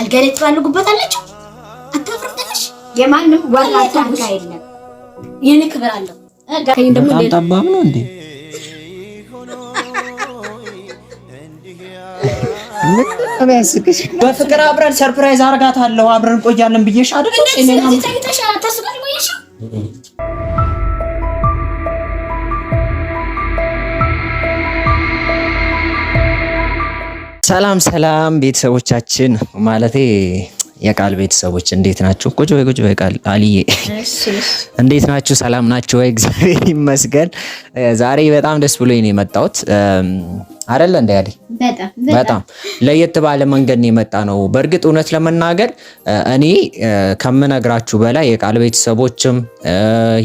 አልጋ ላይ ትባልጉበት አላቸው። አታፍርም ትንሽ? የማንም ወራ አልጋ የለም። የኔ ክብር አለው። ከኝ ደግሞ ጠባብ ነው እንዴ? በፍቅር አብረን ሰርፕራይዝ አርጋታለሁ አብረን ቆያለን ብዬሽ አይደል? ሰላም ሰላም ቤተሰቦቻችን ማለቴ የቃል ቤተሰቦች እንዴት ናችሁ? ቁጭ በይ ቁጭ በይ ቃል አልዬ እንዴት ናችሁ? ሰላም ናችሁ ወይ? እግዚአብሔር ይመስገን። ዛሬ በጣም ደስ ብሎኝ ነው የመጣሁት። አይደለ እንደ በጣም ለየት ባለ መንገድ ነው የመጣ ነው። በእርግጥ እውነት ለመናገር እኔ ከምነግራችሁ በላይ የቃል ቤተሰቦችም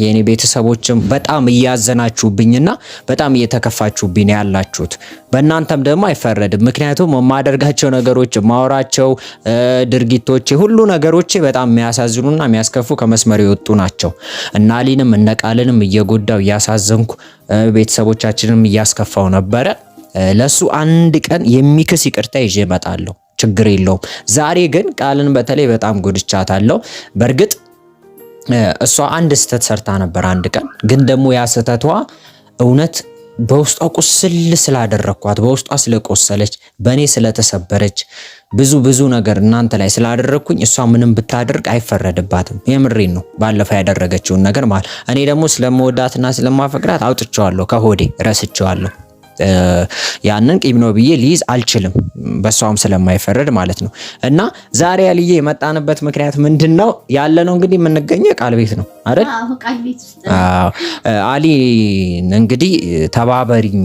የኔ ቤተሰቦችም በጣም እያዘናችሁብኝና በጣም እየተከፋችሁብኝ ያላችሁት። በእናንተም ደግሞ አይፈረድም። ምክንያቱም የማደርጋቸው ነገሮች፣ የማወራቸው ድርጊቶቼ፣ ሁሉ ነገሮቼ በጣም የሚያሳዝኑና የሚያስከፉ ከመስመር የወጡ ናቸው። እናሊንም እነቃልንም እየጎዳው እያሳዘንኩ ቤተሰቦቻችንም እያስከፋው ነበረ። ለሱ አንድ ቀን የሚክስ ይቅርታ ይዤ እመጣለሁ። ችግር የለውም። ዛሬ ግን ቃልን በተለይ በጣም ጎድቻታለሁ። በእርግጥ እሷ አንድ ስህተት ሰርታ ነበር አንድ ቀን ግን ደግሞ ያ ስህተቷ እውነት በውስጧ ቁስል ስላደረግኳት በውስጧ ስለቆሰለች በእኔ ስለተሰበረች ብዙ ብዙ ነገር እናንተ ላይ ስላደረግኩኝ እሷ ምንም ብታደርግ አይፈረድባትም። የምሬን ነው። ባለፈው ያደረገችውን ነገር ማለት እኔ ደግሞ ስለመወዳትና ስለማፈቅዳት አውጥቼዋለሁ፣ ከሆዴ ረስቼዋለሁ። ያንን ቂም ነው ብዬ ሊይዝ አልችልም፣ በሷም ስለማይፈረድ ማለት ነው። እና ዛሬ ያልዬ የመጣንበት ምክንያት ምንድን ነው ያለ ነው እንግዲህ የምንገኘው ቃል ቤት ነው አይደል? አሊ እንግዲህ ተባበሪኝ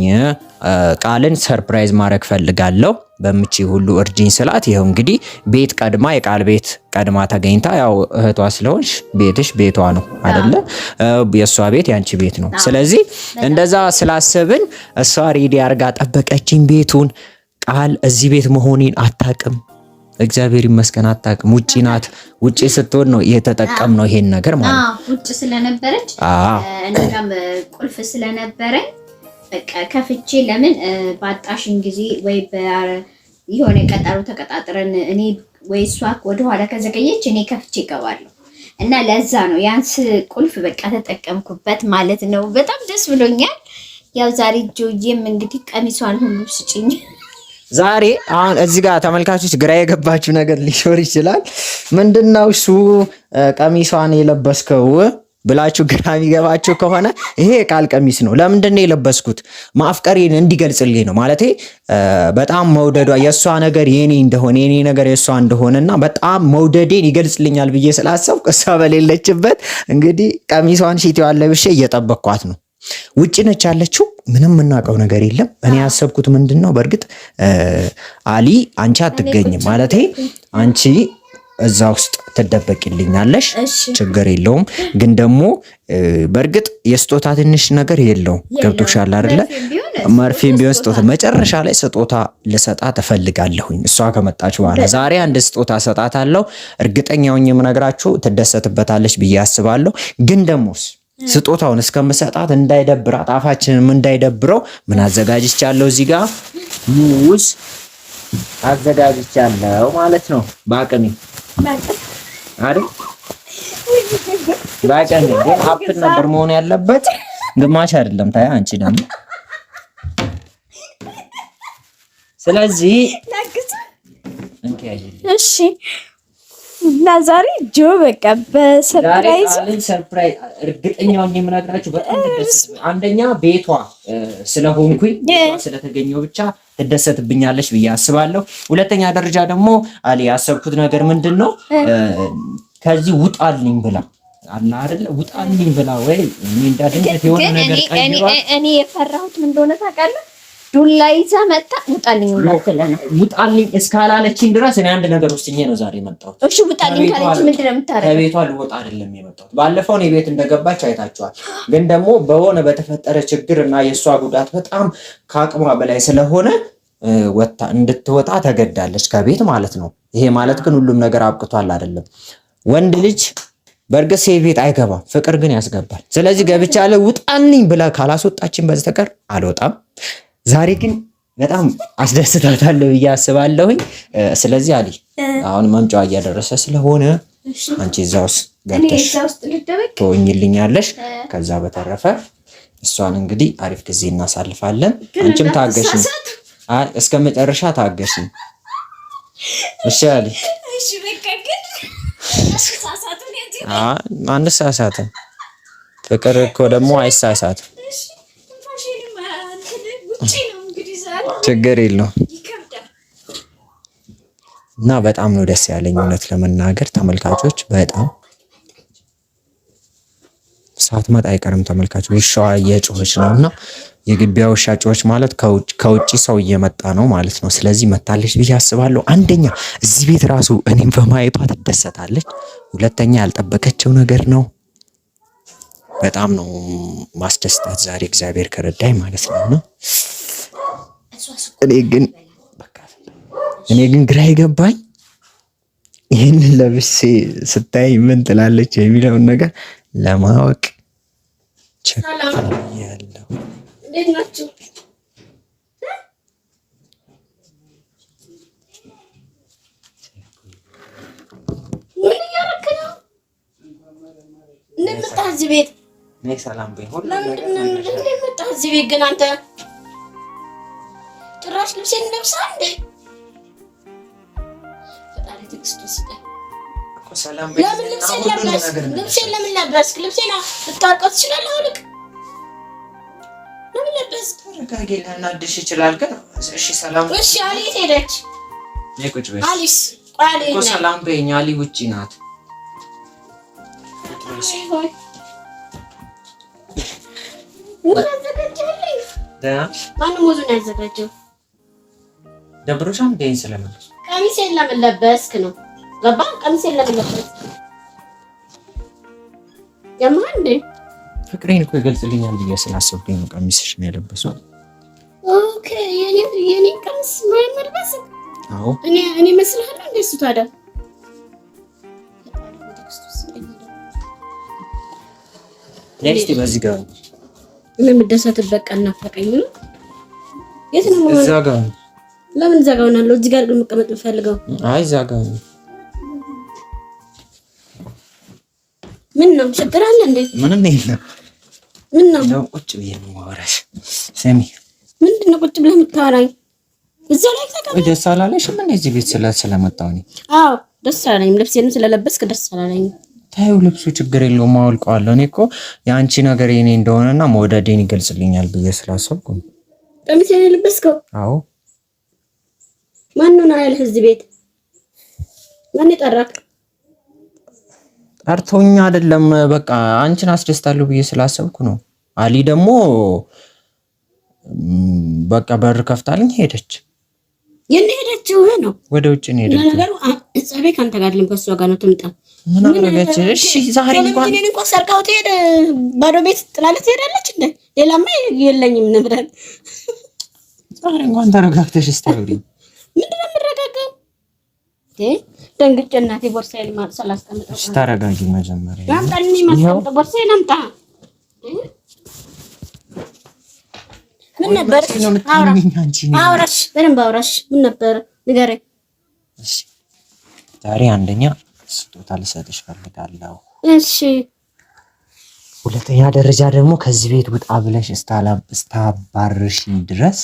ቃልን ሰርፕራይዝ ማድረግ ፈልጋለሁ በምቺ ሁሉ እርጅኝ ስላት፣ ይኸው እንግዲህ ቤት ቀድማ የቃል ቤት ቀድማ ተገኝታ፣ ያው እህቷ ስለሆንሽ ቤትሽ ቤቷ ነው አደለ? የእሷ ቤት ያንቺ ቤት ነው። ስለዚህ እንደዛ ስላሰብን እሷ ሬዲ አርጋ ጠበቀችኝ ቤቱን። ቃል እዚህ ቤት መሆኔን አታቅም። እግዚአብሔር ይመስገን አታቅም ውጪ ናት። ውጪ ስትሆን ነው ነው ይሄን ነገር ማለት ነው። ውጪ ስለነበረች ቁልፍ ስለነበረኝ በቃ ከፍቼ ለምን ባጣሽን ጊዜ ወይ የሆነ ቀጠሮ ተቀጣጥረን እኔ ወይ እሷ ወደኋላ ከዘገየች እኔ ከፍቼ እገባለሁ እና ለዛ ነው ያንስ ቁልፍ በቃ ተጠቀምኩበት ማለት ነው። በጣም ደስ ብሎኛል። ያው ዛሬ ጆዬም እንግዲህ ቀሚሷን ሁሉ ስጭኝ። ዛሬ አሁን እዚህ ጋር ተመልካቾች ግራ የገባችው ነገር ሊኖር ይችላል። ምንድነው እሱ ቀሚሷን የለበስከው? ብላችሁ ግራ የሚገባችሁ ከሆነ ይሄ የቃል ቀሚስ ነው። ለምንድን ነው የለበስኩት? ማፍቀሬን እንዲገልጽልኝ ነው። ማለቴ በጣም መውደዷ የእሷ ነገር የኔ እንደሆነ የኔ ነገር የእሷ እንደሆነና በጣም መውደዴን ይገልጽልኛል ብዬ ስላሰብኩ እሷ በሌለችበት እንግዲህ ቀሚሷን ሺቴዋን ለብሼ እየጠበቅኳት ነው። ውጭ ነች ያለችው። ምንም የምናውቀው ነገር የለም። እኔ ያሰብኩት ምንድን ነው፣ በእርግጥ አሊ አንቺ አትገኝም ማለቴ አንቺ እዛ ውስጥ ትደበቅልኛለሽ፣ ችግር የለውም። ግን ደግሞ በእርግጥ የስጦታ ትንሽ ነገር የለውም። ገብቶሻል አይደለ? መርፌም ቢሆን ስጦታ መጨረሻ ላይ ስጦታ ልሰጣ እፈልጋለሁኝ። እሷ ከመጣች በኋላ ዛሬ አንድ ስጦታ እሰጣታለሁ። እርግጠኛ የምነግራችሁ ትደሰትበታለች ብዬ አስባለሁ። ግን ደግሞስ ስጦታውን እስከምሰጣት እንዳይደብራት፣ ጣፋችንም እንዳይደብረው ምን አዘጋጅቻለሁ እዚህ ጋር ሙዝ አዘጋጅቻለሁ ማለት ነው በአቅሜ አይደል? በቀን ግን አፕል ነበር መሆን ያለበት ግማሽ አይደለም። ታያ አንቺ ደግሞ ስለዚህ እሺ እና ዛሬ ጆ በቃ በሰርፕራይዝ ሰርፕራይዝ እርግጠኛ ሆኜ የምናገራችሁ በጣም ደስ አንደኛ ቤቷ ስለሆንኩኝ ስለተገኘው ብቻ ትደሰትብኛለች ብዬ አስባለሁ። ሁለተኛ ደረጃ ደግሞ አሊ ያሰብኩት ነገር ምንድን ነው ከዚህ ውጣልኝ ብላ አላ አይደለ ውጣልኝ ብላ ወይ እኔ እንዳድነት የሆነ ነገር ቀይሯል። እኔ የፈራሁት ምን እንደሆነ ታውቃለህ ዱላ ይዛ መጣ ውጣልኝ እንዳትለ ነው። ውጣልኝ እስካላለችኝ ድረስ እኔ አንድ ነገር ውስጥ ነው ዛሬ የመጣሁት። እሺ ውጣልኝ ካለች ምንድን ነው የምታረገው? ከቤቷ ልወጣ አይደለም የመጣሁት። ባለፈው እኔ ቤት እንደገባች አይታችኋል። ግን ደግሞ በሆነ በተፈጠረ ችግር እና የእሷ ጉዳት በጣም ከአቅሟ በላይ ስለሆነ ወጣ እንድትወጣ ተገዳለች ከቤት ማለት ነው። ይሄ ማለት ግን ሁሉም ነገር አብቅቷል አይደለም። ወንድ ልጅ በእርግጥ ሴት ቤት አይገባም፣ ፍቅር ግን ያስገባል። ስለዚህ ገብቻለሁ። ውጣልኝ ብላ ካላስወጣችን በስተቀር አልወጣም። ዛሬ ግን በጣም አስደስታታለሁ ብዬ አስባለሁኝ። ስለዚህ አሊ አሁን መምጫ እያደረሰ ስለሆነ አንቺ እዛ ውስጥ ገብተሽ ትወኝልኛለሽ። ከዛ በተረፈ እሷን እንግዲህ አሪፍ ጊዜ እናሳልፋለን። አንቺም ታገሽኝ፣ እስከ መጨረሻ ታገሽኝ። እሺ አሊ አንሳሳትም። ፍቅር እኮ ደግሞ አይሳሳትም። ችግር የለውም እና በጣም ነው ደስ ያለኝ እውነት ለመናገር ተመልካቾች በጣም ሳትመጣ አይቀርም ተመልካቾች። ውሻዋ እየጮኸች ነው እና የግቢያ ውሻ ጮኸች ማለት ከውጭ ሰው እየመጣ ነው ማለት ነው። ስለዚህ መታለች ብዬ አስባለሁ። አንደኛ እዚህ ቤት ራሱ እኔም በማየቷ ትደሰታለች። ሁለተኛ ያልጠበቀችው ነገር ነው። በጣም ነው ማስደስታት ዛሬ እግዚአብሔር ከረዳኝ ማለት ነው። እና እኔ ግን እኔ ግን ግራ የገባኝ ይህንን ለብሴ ስታይ ምን ትላለች የሚለውን ነገር ለማወቅ ቸኩያለሁ። ቤት እኔ ሰላም በይ። ሁሉ እዚህ ቤት ግን አንተ ጭራሽ ልብሴን ለብሳ እንዴ? ፈጣሪ ትዕግስት ይስጠን ለምን ልብሴን ለብሰህ ልብሴን ለምን ለበስክ? ልብሴን ልታወልቀው ትችላለህ። አውልቅ። ለምን ለበስክ? ተረጋጊ። ላናድሽ ይችላል ግን እሺ። ሰላም እሺ። አሊ ሄደች? ነይ ቁጭ በይ። አሊስ ቆይ፣ አሊ ሰላም በይኝ። አሊ ውጪ ናት። ሙዝ አዘጋጅልኝ። ደህና ነሽ? ማነው ሙዙን ለምን ለበስክ ነው? ገባ? ቀሚስ ለምን ለበስክ? የማን እንደ ፍቅሬን እኮ ይገልጽልኛል ብዬ ስላሰብኩኝ ነው ቀሚስሽ ነው የለበሰው። ኦኬ፣ የኔ የኔ ቀሚስ ማን መልበስ? አዎ፣ እኔ እኔ መስልሃል እንደ እሱ ታዲያ ነክስት በዚህ ጋር ምን የምደሰትበት ቀን ናፈቀኝ ነው። የት ነው ማለት እዛ ጋር ለምን እዛ ጋር ሆናለሁ? እዚህ ጋር መቀመጥ የምፈልገው አይ እዛ ጋር ምን ነው ችግር አለ እንዴ? ምንም የለም። ምን ነው ነው ቁጭ ብዬ ነው የማወራሽ። ስሚ፣ ምንድን ነው ቁጭ ብለህ የምታወራኝ? እዛ ላይ ተቀመጥ። ደስ አላለሽም እዚህ ቤት ስለ ስለመጣሁ? አዎ ደስ አላለኝም። ልብሴንም ስለለበስክ ደስ አላለኝም። ታዩ ልብሱ ችግር የለውም አወልቀዋለሁ። እኔ እኮ የአንቺ ነገር የኔ እንደሆነና መወደዴን ይገልጽልኛል ብዬ ስላሰብኩ ቀሚስ ነው የለበስከው? አዎ። ማነው ነው ያለህ? እዚህ ቤት ማን ጠራክ? ጠርቶኛ አይደለም። በቃ አንቺን አስደስታለሁ ብዬ ስላሰብኩ ነው። አሊ ደግሞ በቃ በር ከፍታልኝ ሄደች። የሄደችው ነው ወደ ውጭ ነው ሄደችው። ነገሩ ጸቤ ካንተ ጋር አይደለም ከእሷ ጋር ነው። ትምጣ ምን አደረገች? እሺ ዛሬ እንኳን እኔን እንኳን ሰርቃው ትሄድ ባዶ ቤት ጥላለት ትሄዳለች እንዴ? ሌላማ የለኝም ንብረት። ዛሬ እንኳን ተረጋግተሽ ስታብሪ። ምንድን ነው የምረጋጋው? ደንግጬ እናቴ ቦርሳዬ ልማጥ ሰላስቀምጠው። እሺ መጀመሪያ። አምጣልኝ፣ ማስቀምጠው ቦርሳዬን ምን ነበር? አውራሽ በደንብ አውራሽ። ምን ነበር ንገረኝ። ዛሬ አንደኛ ስጦታ ልሰጥሽ ፈልጋለሁ። እሺ። ሁለተኛ ደረጃ ደግሞ ከዚህ ቤት ውጣ ብለሽ እስታባርሽኝ ድረስ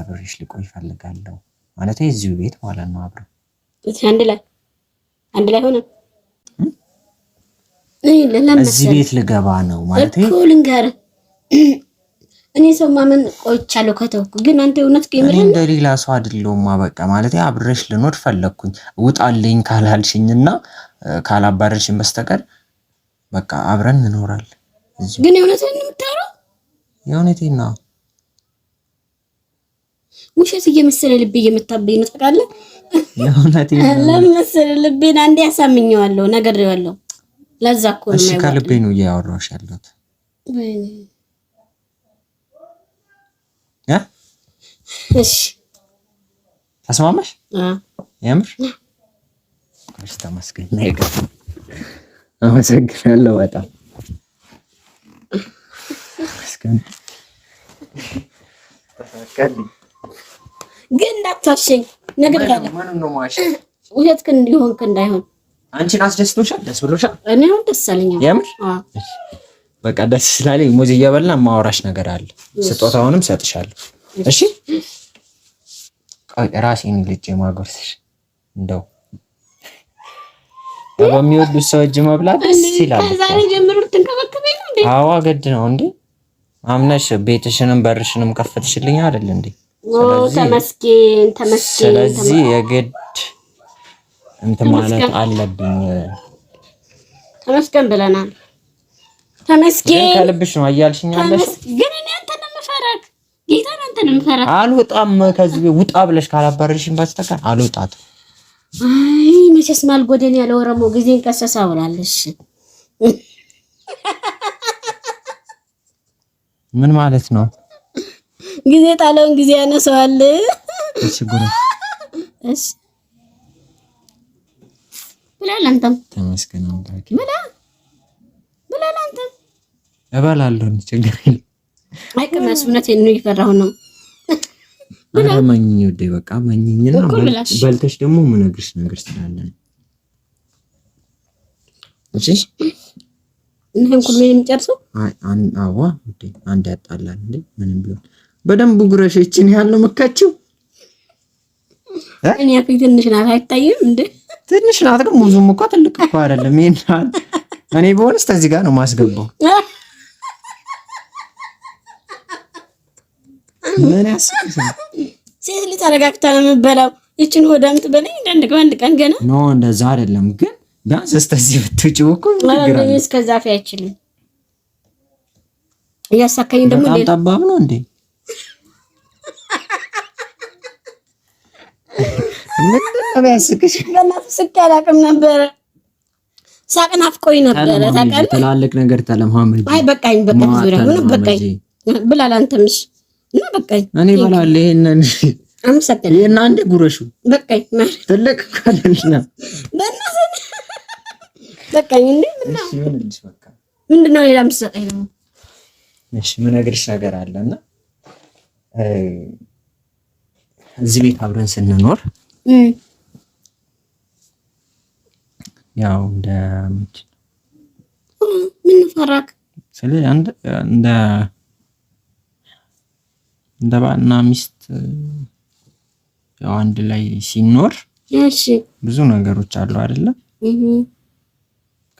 አብሬሽ ልቆይ ፈልጋለሁ። ማለት እዚሁ ቤት ማለት ነው። አብረን አንድ ላይ አንድ ላይ ሆነ እዚህ ቤት ልገባ ነው ማለት እኮ እኔ ሰው ማመን ቆይቻለሁ ከተውኩ፣ ግን አንተ እውነት ከምር እንደ ሌላ ሰው አይደለሁም። በቃ ማለት አብረሽ ልኖር ፈለግኩኝ። ውጣልኝ ካላልሽኝና ካላባረርሽኝ በስተቀር በቃ አብረን እንኖራለን። ግን የእውነትን የምታወራው የእውነቴን ነው። ውሸት እየመሰለ ልቤ እየመታብኝ ነው። ታውቃለህ፣ ለምን መሰለ ልቤን አንዴ ያሳምኘዋለሁ፣ ነግሬዋለሁ። ለዛ እኮ ነው ከልቤ ነው እያወራሁሽ ያለሁት። እሺ ተስማማሽ? የምር እሺ። ተመስገን ነገር አመሰግናለሁ በጣም ግን እንዳታሸኝ ነገር ውሸት ግን እንዲሆንክ እንዳይሆን። አንቺን አስደስቶሻል? ደስ ብሎሻል? እኔ አሁን ደስ አለኛል። የምር በቃ ደስ ስላለኝ ሙዝ እየበላ ማውራሽ ነገር አለ። ስጦታውንም ሰጥሻለሁ። እሺ ራሴን ልጅ ማጎርስሽ እንደው በሚወዱት ሰው እጅ መብላት ደስ ይላል። ከዛሬ ጀምሮ ልትንከባከበኝ ነው እንዴ? አዋ ግድ ነው እንዴ? አምነሽ ቤትሽንም በርሽንም ከፈትሽልኝ አይደል እንዴ? ተመስገን ተመስገን። ስለዚህ የግድ እንትን ማለት አለብኝ። ተመስገን ብለናል። ተመስገን ከልብሽ ነው እያልሽኛለሽ ጌታን አንተን የምፈራት አልወጣም። ከዚህ ውጣ ብለሽ ካላባረርሽኝ በስተቀር አልወጣትም። አይ መቼስ ማልጎደን ያለ ኦሮሞ ጊዜን ቀሰሳ ውላለሽ። ምን ማለት ነው? ጊዜ ጣለውን ጊዜ ያነሰዋል። እሺ ጉራ እሺ ብላል። አንተም ተመስገን ብላ ብላል። አንተም እበላለሁ ችግር የለም አይቀመስ እውነት ነው ይፈራው ነው አረማኝ ወደ በቃ ማኝኝና በልተሽ ደግሞ ምነግርሽ ነገር ስላለ እሺ ይሄን ሁሉ የሚጨርሰው አዋ እንዴ አንድ ያጣላል እንዴ ምንም ቢሆን በደንብ ጉረሽችን ያለው መካችው እኔ ያክል ትንሽ ናት አይታይም እንዴ ትንሽ ናት ግን ብዙም እኮ ትልቅ እኮ አይደለም ይሄን እኔ በሆንስ ከዚህ ጋር ነው ማስገባው ምን ሴት ልጅ ተረጋግታ ነው የምትበላው። ይችን አንድ ቀን ገና ኖ እንደዛ አይደለም ግን ቢያንስ እስከዚህ እኮ እስከዛ ፊ አይችልም። እያሳካኝ ደግሞ ጠባብ ነው እንዴ? አላውቅም ነበረ። ሳቅ ናፍቆኝ ነበረ። ታውቃለህ፣ ትላልቅ ነገር አይ በቃኝ፣ በቃኝ፣ ዙሪያ ምን በቃኝ ብላል። እና በቃ እኔ እበላለሁ። ይሄንን አምሰከለ ይሄን አንዴ ጉረሹ በቃ ትልቅ ካለልና በእናትህ በቃ እንዴ ምንድን ነው ሌላ የምትሰጠኝ ደግሞ? እሺ ምነግርሽ ነገር አለና እዚህ ቤት አብረን ስንኖር ያው እንደ ምን ፈራክ ስለ እንደ እንደ ባልና ሚስት ያው አንድ ላይ ሲኖር እሺ፣ ብዙ ነገሮች አሉ አይደለ?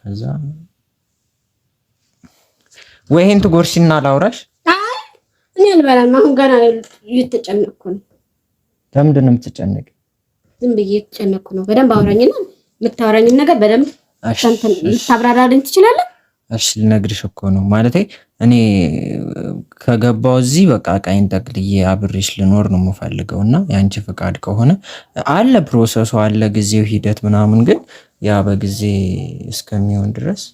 ከዛ ወይ ይሄን ትጎርሽና ላውራሽ። አይ እኔ አልበላም። አሁን ገና እየተጨነቅኩ ነው። ለምንድን ነው የምትጨነቅ? ዝም ብዬ እየተጨነቅኩ ነው። በደንብ አውራኝና የምታወራኝን ነገር በደንብ ልታብራራልኝ ትችላለህ? እሺ ልነግርሽ እኮ ነው ማለቴ እኔ ከገባው እዚህ በቃ ቀይን ጠቅልዬ አብሬሽ ልኖር ነው የምፈልገው እና የአንቺ ፍቃድ ከሆነ አለ ፕሮሰሱ አለ ጊዜው ሂደት ምናምን ግን ያ በጊዜ እስከሚሆን ድረስ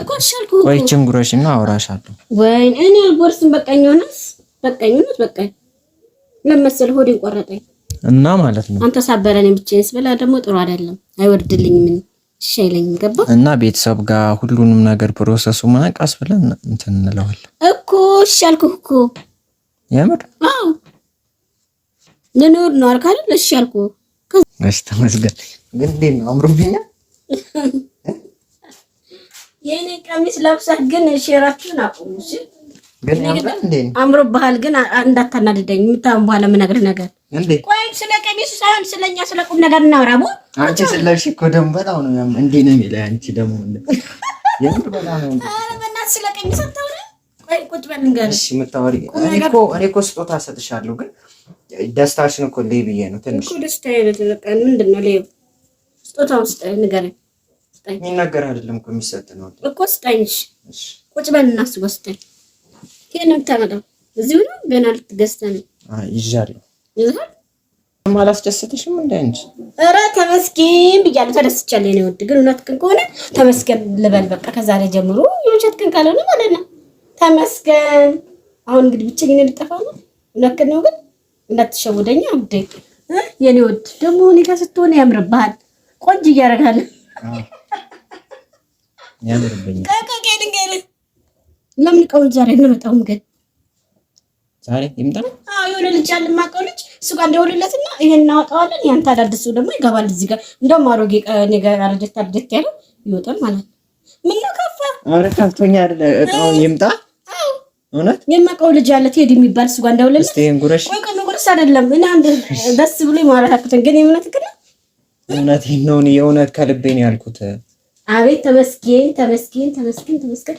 እኮ ሻልኩ ወይ ችንጉሮሽ እና አውራሻለሁ ወይ እኔ አልጎርስም በቃኝ ሆነስ በቃኝ ሆነስ በቃኝ ለመሰል ሆዴን ቆረጠኝ እና ማለት ነው አንተ ሳበረን ብቻ ስበላ ደግሞ ጥሩ አይደለም አይወርድልኝም እና ቤተሰብ ጋር ሁሉንም ነገር ፕሮሰሱ ምናምን ቃስ ብለን እንትን እንለዋለን እኮ እሺ አልኩህ እኮ የምር አዎ ልኖር ነው አልክ አይደል እሺ አልኩህ እሺ ተመስገን ግን እንዴት ነው አምሮብኛል የኔ ቀሚስ ለብሳት ግን ሼራችሁን አቁሙ እሺ አምሮብሃል ግን እንዳታናድደኝ። የምታወን በኋላ የምነግርህ ነገር ቆይ፣ ስለ ቀሚሱ ሳይሆን ስለኛ ስለ ቁም ነገር እናውራ። አንቺ ስለሽ እኮ ደግሞ በጣም ነው እንዴ ነው የሚለው አንቺ ደግሞ እኔ እኮ ስጦታ ሰጥሻለሁ፣ ግን ደስታሽን እኮ እንዴ ብዬ ነው ትንሽ ደስታ ነው ቁጭ በል እናስበው፣ ስጠኝ ከየት አላስደሰተሽም እንደ አንቺ? ኧረ ተመስገን ብያለሁ። ተደስቻለሁ የእኔ ውድ። ግን እውነት ቀን ከሆነ ተመስገን ልበል በቃ ከዛሬ ጀምሮ። የውሸት ቀን ካልሆነ ማለት ነው ተመስገን። አሁን እንግዲህ ብቻዬን ልጠፋ ነው። እውነት ነው ግን ውዴ። ውድ ደግሞ ሁኔታ ያምርብሃል። ቆንጆ እያደረጋለሁ። ያምርብኛል ለምን ቀውል ዛሬ እንመጣውም ግን ዛሬ ይምጣ። አዎ የሆነ ልጅ ያለ ማቀው ልጅ እሱ ጋር እንደውልለትና ይሄን እናወጣዋለን። ያንተ አዳድሱ ደግሞ ይገባል እዚህ ጋር እንደውም አሮጌ ነገር አረጀት አረጀት ያለ ይወጣል ማለት ነው። ምን ነው ከፋ? አረ ከፍቶኛ አይደለ እጣው ይምጣ። እውነት የማቀው ልጅ ያለ ቴዲ የሚባል እሱ ጋር እንደውልለት እስቲ እንጉረሽ ወይ ጉረሽ አይደለም እና አንድ ደስ ብሎ ይማራታክተን ግን የእውነት ግን እውነት ነው የእውነት ከልቤ ነው ያልኩት። አቤት ተመስገን ተመስገን ተመስገን ተመስገን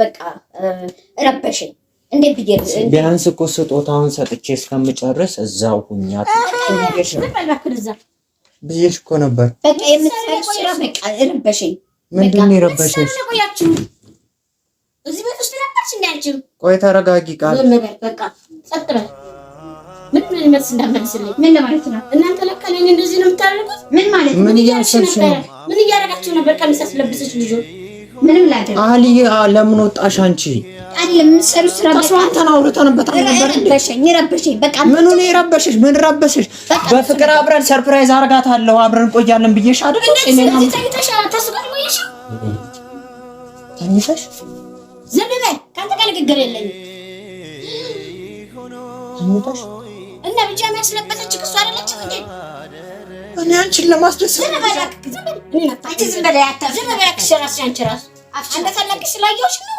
በቃ ረበሽኝ። እንዴት ብዬ ቢያንስ እኮ ስጦታውን ሰጥቼ እስከምጨርስ እዛው ሁኛ ብዬሽ እኮ ነበር። በቃ የምትሰሪው ረበሽኝ። ምንድን ነው የረበሽኝ? እዚህ ቤት ውስጥ ነበርሽ እንደ አንቺም። ቆይ ተረጋጊ። ቃል ምን ምን መልስ እንዳመልስልኝ ምን ለማለት ነው? እናንተ ለካ እኔን እንደዚህ ነው የምታደርጉት? ምን ማለት ምን እያደረጋችሁ ነበር? ቀሚስ አስለብሰች ልጆች ምንም አሊ ለምን ወጣሽ አንቺ? አይደለም የረበሸሽ? ምን ረበሸሽ? በፍቅር አብረን ሰርፕራይዝ አርጋታለሁ አብረን ቆያለን ብዬሽ አይደል? ተኝተሽ ዝም ጋር ንግግር የለኝም። እና ብቻ የሚያስለበሰች እንዴ? እኔ አንቺን ለማስደሰት ዝም ዝም ዝም ዝም ዝም አንተ ታላቅሽ ስላየሁሽ ነው።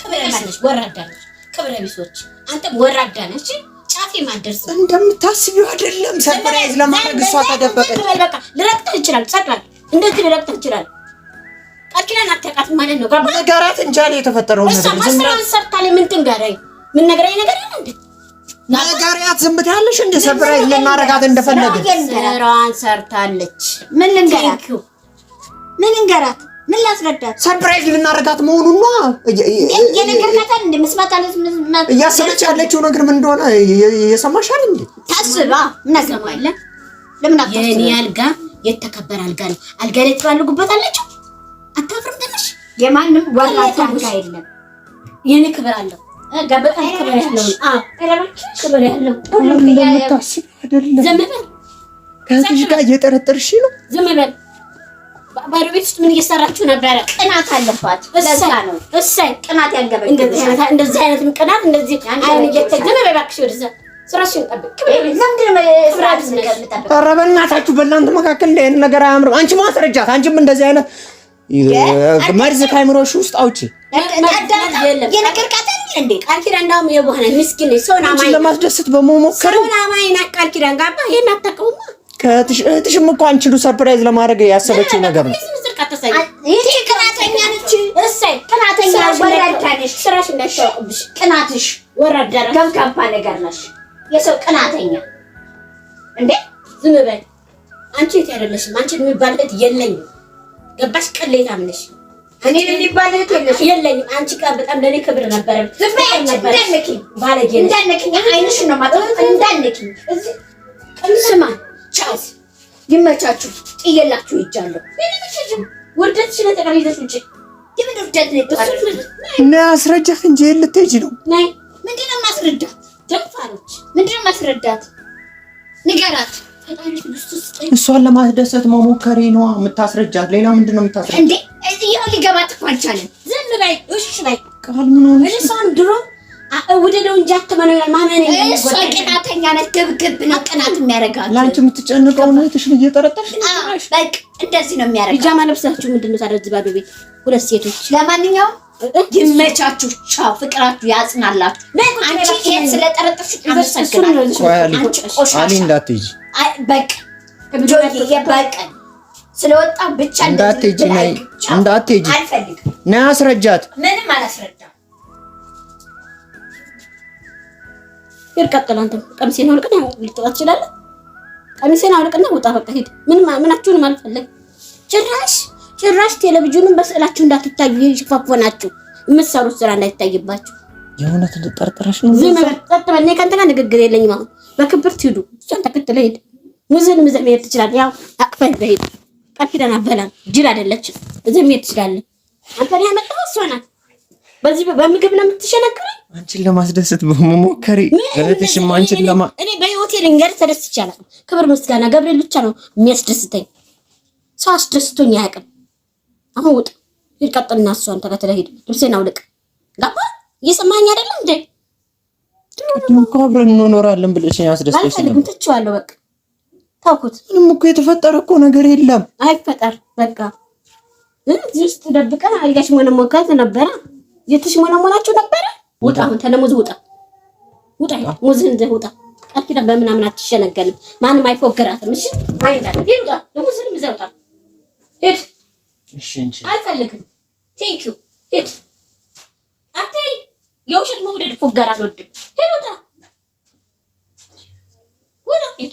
ክብረ ማለሽ ወራዳ ነሽ፣ ክብረ ቢሶች አንተም ወራዳ ነሽ። ጫፍ የማደርስ እንደምታስቢው አይደለም። ሰርፕራይዝ ለማድረግ እሷ ተደበቀች። በቃ ልረግጥህ ይችላል፣ ጸጥላል። እንደዚህ ልረግጥህ ይችላል። ቃልኪዳን አታውቃት ማለት ነው። ጋር ነገራት እንጂ አለ የተፈጠረው ነገር ዝም ብላ ሰርታለ ምን ትንገረኝ? ምን ነገረኝ ነገር አለ እንዴ? ነገራት ዝም ብላለሽ እንዴ? ሰርፕራይዝ ልናረጋት እንደፈለግን ስራዋን ሰርታለች። ምን ልንገራት? ምን ልንገራት? ምን ላስረዳት? ሰርፕራይዝ ልናረጋት መሆኑን ነው የነገርናታል። እንደ መስማት አለ እያሰበች ያለችው ነገር ምን እንደሆነ የሰማሻል እንዴ? ታስባ እናገባለን። ለምን አታስብ? አልጋ የተከበረ አልጋ ነው። አልጋ ላይ ትባልጉበት አለችው። አታፍርም? ትንሽ የማንም ወራት አልጋ የለም። የኔ ክብር አለው ጋበጣም ክብር ያለው አ ክብር ያለው ሁሉም ያለው ከዚህ ጋር እየጠረጠርሽ ነው። ዘመን ባዶ ቤት ውስጥ ምን እየሰራችሁ ነበረ? ቅናት አለባት። ለዛ ነው። እሳ ቅናት ያንገበኝ። እንደዚህ አይነትም ቅናት እንደዚህ አይን እየተገነ በባክሽ ወደዛ ስራሽን ኧረ በእናታችሁ በእናንተ መካከል እንደ አይነት ነገር አያምርም። አንቺ ማስረጃት። አንቺም እንደዚህ አይነት መርዝ ከአእምሮሽ ውስጥ አውጪ። ቃል ኪዳን ምስኪን ሰውን ለማስደሰት በመሞከር ሰውን አማኝ ናት ቃል ኪዳን ጋባ ይሄን አታውቀውማ እህትሽም እኮ አንችሉ ሰርፕራይዝ ለማድረግ ያሰበችው ነገር ነው። ቅናትሽ ወረዳ ገብጋባ ነገር ነሽ። የሰው ቅናተኛ እንዴ! ዝም በል አንቺ። የት አይደለሽም አንቺ የሚባል እህት የለኝም። ገባሽ? ቅሌታም ነሽ። እኔ የሚባል እህት የለኝም። አንቺ ጋር በጣም ለእኔ ክብር ነበረ። እንዳንኪ ባለጌ ነሽ። እንዳንኪ አይንሽ ነው ማለት እንዳንኪ ስማ ጫት ይመቻችሁ። ጥየላችሁ ይጃለሁ ውርደትሽን አጠቃላይ ይዘሽ የምን ውርደት ነው? እና አስረጃት እንጂ ልትሄጂ ነው? ናይ ምንድን ነው ማስረዳት? ምንድን ነው ማስረዳት? ንገራት። እሷን ለማስደሰት መሞከሬ የምታስረጃት። ሌላ ምንድን ነው የምታስረጃት? እንዴ ይኸው ሊገባት እኮ አልቻለም። ዝም በይ፣ እሺ በይ ቃል ምን ሆነ? እሷን ውደደው እንጂ አትመነው ይላል። ማመን እሷ ቅናተኛ ነች፣ ግብግብ ነው ቅናት የሚያደርጋት። ለአንቺ የምትጨንቀው ነው እህትሽን እየጠረጠርሽ በቃ እንደዚህ ነው የሚያደርጋት። ቢጃማ ለብሳችሁ ምንድን ነው ታዲያ እዚህ ባዶ ቤት ሁለት ሴቶች? ለማንኛውም ይመቻችሁ፣ ቻው፣ ፍቅራችሁ ያጽናላችሁ። አንቺ ይሄን ስለጠረጠርሽ አመሰግናለሁ። እንዳትሄጂ በቃ በቃ ስለወጣ ብቻ እንዳትሄጂ፣ ነይ፣ እንዳትሄጂ፣ አስረጃት። ምንም አላስረዳም ይርቀጥል አንተም ቀሚሴን አውልቅና ልትወጣ ትችላለህ። ቀሚሴን አውልቅና ውጣ፣ በቃ ሂድ። ምን ምናችሁንም አልፈለግም። ጭራሽ ጭራሽ ቴሌቪዥኑን በስዕላችሁ እንዳትታዩ የሽፋፎናችሁ የምትሰሩት ስራ እንዳይታይባችሁ የእውነት ልጠርጥረሽ ነው። ዝም በል ጸጥ በል። እኔ ከአንተ ጋር ንግግር የለኝም። አሁን በክብር ትሂዱ፣ እሷን ተከትለህ ሂድ። ሙዝህን ምዘህ መሄድ ትችላለህ። ያው አቅፈህ በሂድ። ቃል አበላን ጅል አይደለችም። እዚህ መሄድ ትችላለህ። አንተ ያመጣኸው፣ እሷ ናት በዚህ በምግብ ነው የምትሸነግረኝ? አንቺን ለማስደሰት በመሞከሬ እህትሽም አንቺን ለማ እኔ በህይወቴ ልንገርህ ተደስቼ አላውቅም። ክብር ምስጋና ገብርኤል ብቻ ነው የሚያስደስተኝ። ሰው አስደስቶኝ አያውቅም። አሁን ውጥ ሂድ፣ ቀጥልና እሱ አንተ ጋር ተለሂድ፣ ልብሴን አውልቅ። ገባህ? እየሰማኸኝ አይደለም እንዴ? እኮ አብረን እንኖራለን ብለሽኝ አስደስተሽ ነው። ትቼዋለሁ፣ በቃ ታውኩት። ምንም እኮ የተፈጠረ እኮ ነገር የለም። አይፈጠር በቃ እዚህ ውስጥ ደብቀን አልጋሽ ሆነ ሞከት ነበረ የተሽሞነሞናችሁ ነበረ። ውጣ፣ አሁን ተለሙዝ ውጣ፣ ውጣ፣ ሙዝህን ይዘህ ውጣ። ቃል ኪዳን በምናምን አትሸነገልም፣ ማንም አይፎገራትም። እሺ፣ ሙዝህን ይዘህ ውጣ። ሂድ፣ አልፈልግም። ቴንክ ዩ። ሂድ፣ የውሸት መውደድ አልወድም። ሂድ፣ ውጣ፣ ውጣ፣ ሂድ፣